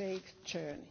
safe journey.